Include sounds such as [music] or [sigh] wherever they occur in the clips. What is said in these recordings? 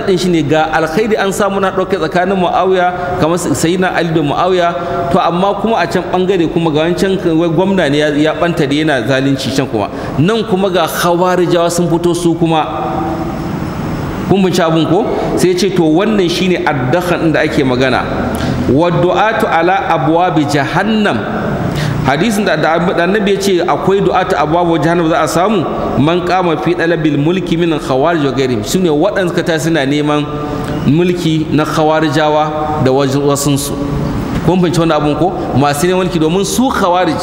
ɗin din shine ga alkhairi an samu na ɗauke tsakanin muawiya kamar sayyidina ali da muawiya to amma kuma a can bangare kuma ga wancan gwamna ne ya banta da yana zalunci can kuma nan kuma ga khawarijawa sun fito su kuma kun bin abun ko sai ce to wannan shine addakhan da ake magana wa du'atu ala abwabi jahannam hadisin da annabi ya ce akwai ta abwabu jahannam za a samu man kama fi dalabil mulki min khawarij wa ghairihim sune waɗanda suka ta suna neman mulki na khawarijawa da wasun su kun fahimci wannan abun ko masu neman mulki domin su khawarij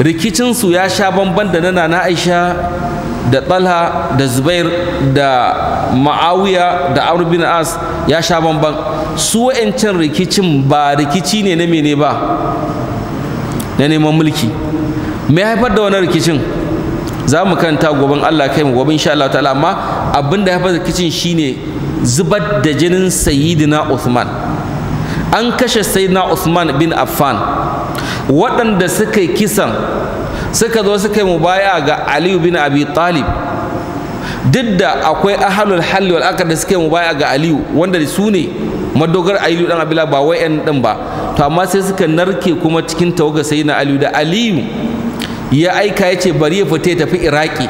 rikicin su ya sha bamban da Nana na Aisha da Talha da Zubair da Ma'awiya da Amr bin As ya sha bamban su wa'ancan rikicin ba rikici ne na mene ba na neman mulki mai haifar da wani rikicin za mu kanta gobin Allah kai mu gobin sha Allah ta'ala amma abin da haifar da rikicin shine zubar da jinin sayyidina Uthman an kashe sayyidina Uthman bin Affan waɗanda suka yi kisan suka zo suka yi mubaya ga Aliyu bin Abi Talib duk da akwai ahalul halli wal akad da suke mubaya ga aliyu wanda su ne madogar aliyu dan abila ba wai yan din ba to amma sai suka narke kuma cikin tawaga na aliyu da aliyu ya aika ya ce bari ya fita ya tafi iraki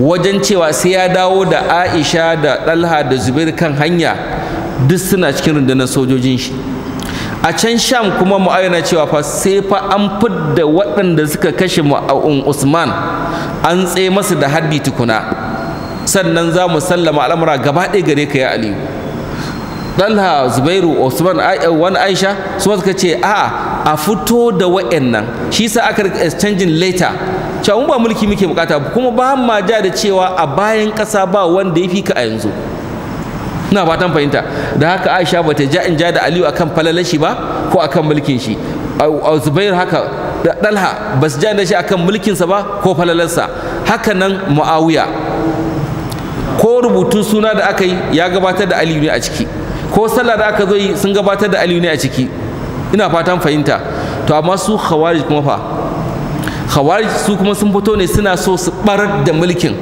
wajen cewa sai ya dawo da aisha da dalha da zubair kan hanya duk suna cikin rundunar sojojin shi a can sham kuma mu mu'ayyana cewa fa sai fa an fidda waɗanda suka kashe mu'a'un usman an tsaye masa da haddi tukuna sannan za mu sallama al'amura gaba ɗaya gare ka ya aliyu ɗalha Zubairu Usman eh, wani Aisha su suka ce a a fito da wa'annan shi sa aka exchanging later cewa mun ba mulki muke bukata kuma ba ma ja da cewa a bayan ƙasa ba wanda ya fi ka a yanzu ina fatan fahimta da haka aisha bata ja in ja da aliyu akan falalar shi ba ko akan mulkin shi zubair haka dalha ba su ja da shi akan sa ba ko falalarsa haka nan muawiya ko rubutun suna da aka yi ya gabatar da aliyu ne a ciki ko sallah da aka zo yi sun gabatar da aliyu ne a ciki ina fatan fahimta to amma su khawarij kuma fa khawarij su kuma sun fito ne suna so su barar da mulkin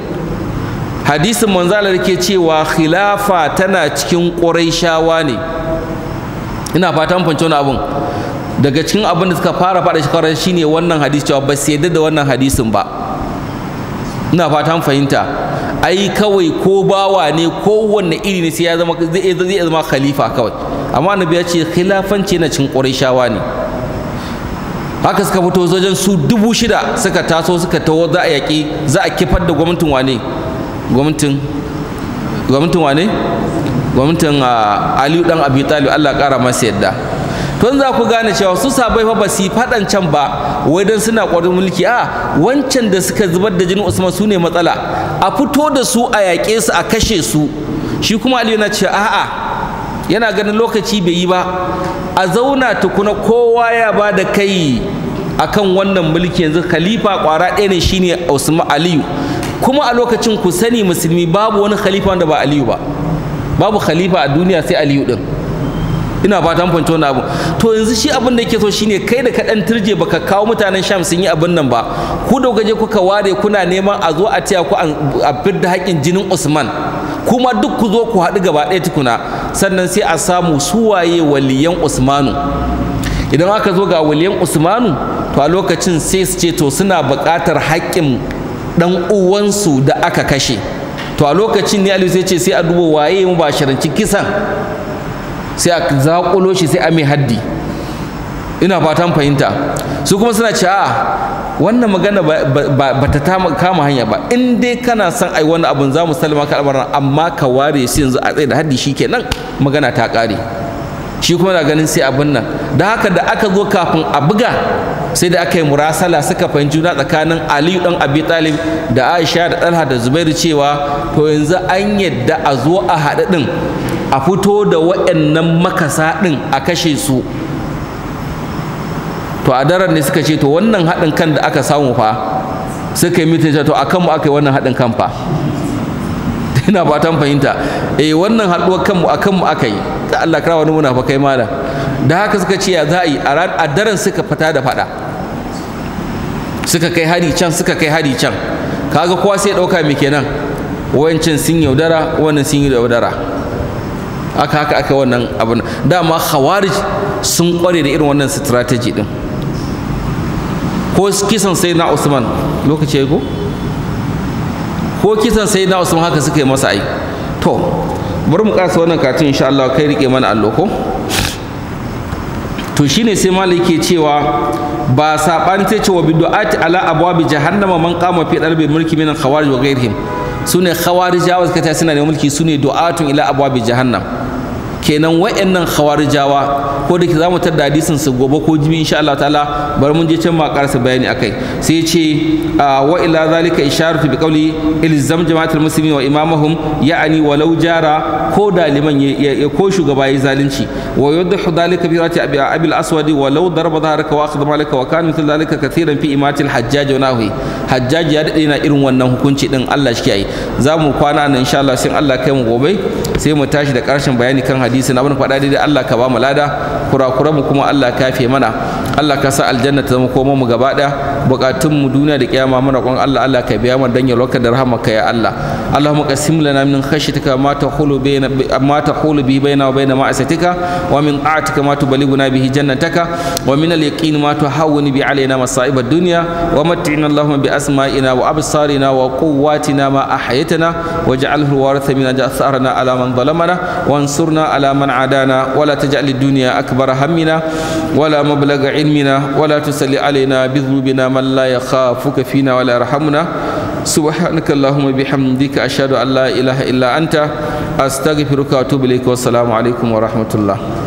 hadisin manzalar ke cewa khilafa tana cikin ƙuraishawa ne ina fatan fahimci wani abun daga cikin abin da suka fara faɗa shekarar shine wannan hadisi cewa ba su yadda da wannan hadisin ba ina fatan fahimta ai kawai ko bawa ne kowanne iri ne sai ya zama zai zama khalifa kawai amma annabi ya ce khilafanci na cikin ƙuraishawa ne haka suka fito wajen su dubu shida suka taso suka taho za a yaƙi za a kifar da gwamnatin wane gwamnatin gwamnatin wane gwamnatin ah, aliyu dan abi talib allah kara masa yadda tun za ku gane cewa su sabai fa ba su faɗan can ba wai dan suna ƙwarin mulki a wancan da suka zubar da jinin usman su ne matsala a fito da su a yaƙe su a kashe su shi kuma aliyu na ce a'a yana ganin lokaci bai yi ba a zauna tukuna kowa ya ba da kai akan wannan mulki yanzu khalifa kwara ɗaya ne shine usman aliyu kuma a lokacin ku sani musulmi babu wani khalifa wanda ba aliyu ba babu khalifa a duniya sai aliyu din ina ta fanto wani abu to yanzu shi abin da yake so shine kai da ka dan turje baka kawo mutanen sham sun yi abin nan ba ku da gaje kuka ware kuna neman a zo a taya ku a fidda haƙin jinin usman kuma duk ku zo ku haɗu gaba ɗaya tukuna sannan sai a samu suwaye waliyan usmanu idan aka zo ga waliyan usmanu to a lokacin sai su ce to suna buƙatar haƙƙin dan uwansu da aka kashe to a lokacin ne Ali sai ce sai a dubo waye mu ba sharanci kisan sai a zaƙulo shi sai a mai haddi ina fatan fahimta su kuma suna ce a wannan magana ba ta kama hanya ba in dai kana son ai wani abun za mu salama ka al'amarin amma ka ware shi yanzu a tsaye da haddi shi kenan magana ta kare shi kuma na ganin sai abin nan da haka da aka zo kafin a buga sai da aka yi murasala suka fahimci juna tsakanin aliyu dan abi talib da aisha da talha da zubairu cewa to yanzu an yadda a zo a haɗa ɗin a fito da waɗannan makasa ɗin a kashe su to a daren ne suka ce to wannan haɗin kan da aka samu fa suka yi mitin to a kanmu aka yi wannan haɗin kan fa [laughs] ina fatan fahimta eh wannan haɗuwar kanmu a kanmu aka yi da Allah kawo wani muna fa kai mala da haka suka ce ya za a yi a daren suka fita da fada suka kai hari can suka kai hari can kaga kowa sai ɗauka mai kenan wancan sun yaudara wannan sun yi yaudara aka haka aka wannan abin dama khawarij sun kware da irin wannan strategy din ko kisan sai na usman lokaci ko ko kisan sai na usman haka suka yi masa ai to bari mu kasa wannan katin insha Allah kai rike mana allo ko to shine sai malik ke cewa ba saban ta ce wa bidu'ati ala abwabi jahannama man qama fi darbi mulki min khawarij wa ghairihim sune khawarijawa suka ta suna da mulki sune du'atun ila abwabi jahannam kenan wa'annan khawarijawa ko da ke za mu tarda hadisin su gobe ko jimi insha Allah ta'ala bari mun je can ma karasa bayani akai sai ya ce wa ila zalika isharatu bi qawli ilzam jama'atul muslimin wa imamahum ya'ani walau jara ko da liman ya ko shugaba yayi zalunci wa yudhu zalika bi rati abi abil aswad walau darba dharaka wa akhadha malika wa kana mithl zalika kathiran fi imatil hajjaj wa nahwi hajjaj ya dade na irin wannan hukunci din Allah shi ke yi za mu kwana nan insha Allah sai Allah kai mu gobe sai mu tashi da karshen bayani kan hadisi na mun faɗa daidai Allah ka ba mu lada kurakuran mu kuma Allah ka fe mana Allah ka sa aljanna ta zama koma mu gaba daya bukatun mu duniya da kiyama muna kon Allah Allah ka biya mu dan yalwarka da rahmarka ya Allah Allahumma qasim lana min khashyatika ma tahulu bayna ma tahulu bi bayna wa bayna ma'asatika wa min ta'atika ma tuballighuna bihi jannataka wa min al-yaqin ma tuhawwini bi alaina masa'ib ad-dunya wa mat'ina Allahumma bi asma'ina wa absarina wa quwwatina ma ahyaytana waj'alhu waritha min ajsarina ala man zalamana wansurna على من عادانا ولا تجعل الدنيا أكبر همنا ولا مبلغ علمنا ولا تسل علينا بذنوبنا من لا يخافك فينا ولا يرحمنا سبحانك اللهم بحمدك أشهد أن لا إله إلا أنت أستغفرك وأتوب إليك والسلام عليكم ورحمة الله